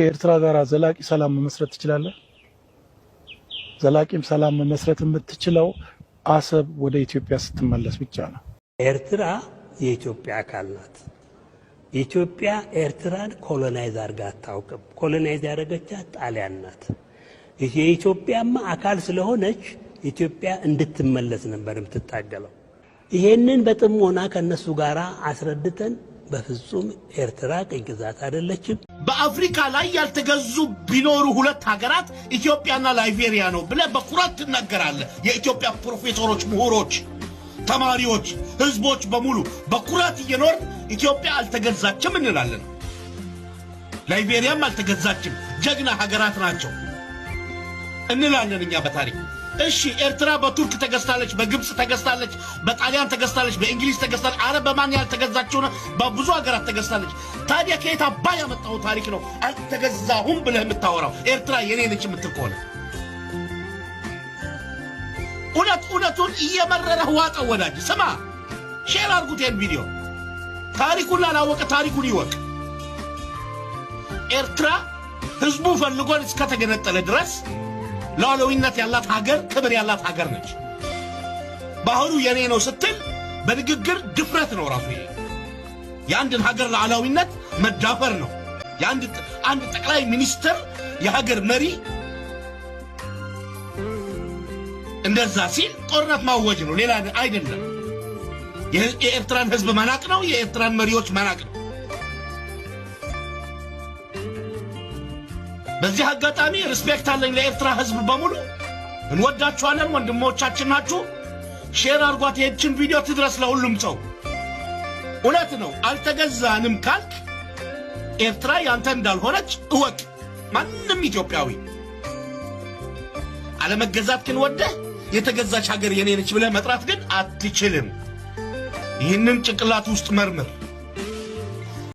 ከኤርትራ ጋር ዘላቂ ሰላም መመስረት ትችላለህ? ዘላቂም ሰላም መመስረት የምትችለው አሰብ ወደ ኢትዮጵያ ስትመለስ ብቻ ነው። ኤርትራ የኢትዮጵያ አካል ናት። ኢትዮጵያ ኤርትራን ኮሎናይዝ አድርጋ አታውቅም። ኮሎናይዝ ያደረገቻት ጣሊያን ናት። የኢትዮጵያማ አካል ስለሆነች ኢትዮጵያ እንድትመለስ ነበር የምትታገለው። ይሄንን በጥሞና ከእነሱ ጋር አስረድተን በፍጹም ኤርትራ ቅኝ ግዛት አይደለችም። በአፍሪካ ላይ ያልተገዙ ቢኖሩ ሁለት ሀገራት ኢትዮጵያና ላይቤሪያ ነው ብለህ በኩራት ትናገራለህ። የኢትዮጵያ ፕሮፌሰሮች፣ ምሁሮች፣ ተማሪዎች፣ ህዝቦች በሙሉ በኩራት እየኖር ኢትዮጵያ አልተገዛችም እንላለን። ላይቤሪያም አልተገዛችም፣ ጀግና ሀገራት ናቸው እንላለን እኛ በታሪክ እሺ ኤርትራ በቱርክ ተገዝታለች፣ በግብፅ ተገዝታለች፣ በጣሊያን ተገዝታለች፣ በእንግሊዝ ተገዝታለች። አረ በማን ያልተገዛችው በብዙ ሀገራት ተገዝታለች። ታዲያ ከየት አባ ያመጣው ታሪክ ነው አልተገዛሁም ብለህ የምታወራው? ኤርትራ የኔ ነች የምትል ከሆነ እውነት እውነቱን እየመረረህ ዋጠው። ወዳጅ ስማ፣ ሼር አድርጉት ይህን ቪዲዮ። ታሪኩን ላላወቀ ታሪኩን ይወቅ። ኤርትራ ህዝቡ ፈልጎን እስከተገነጠለ ድረስ ሉዓላዊነት ያላት ሀገር ክብር ያላት ሀገር ነች። ባህሩ የኔ ነው ስትል በንግግር ድፍረት ነው። ራሱ ይሄ የአንድን ሀገር ሉዓላዊነት መዳፈር ነው። አንድ ጠቅላይ ሚኒስትር የሀገር መሪ እንደዛ ሲል ጦርነት ማወጅ ነው፣ ሌላ አይደለም። የኤርትራን ህዝብ መናቅ ነው። የኤርትራን መሪዎች መናቅ ነው። በዚህ አጋጣሚ ሪስፔክት አለኝ ለኤርትራ ህዝብ በሙሉ እንወዳችኋለን። ወንድሞቻችን ናችሁ። ሼር አርጓት ይህችን ቪዲዮ ትድረስ ለሁሉም ሰው። እውነት ነው አልተገዛንም ካልክ ኤርትራ ያንተ እንዳልሆነች እወቅ። ማንም ኢትዮጵያዊ አለመገዛት ግን ወደህ የተገዛች ሀገር የኔነች ብለህ መጥራት ግን አትችልም። ይህንን ጭንቅላት ውስጥ መርምር።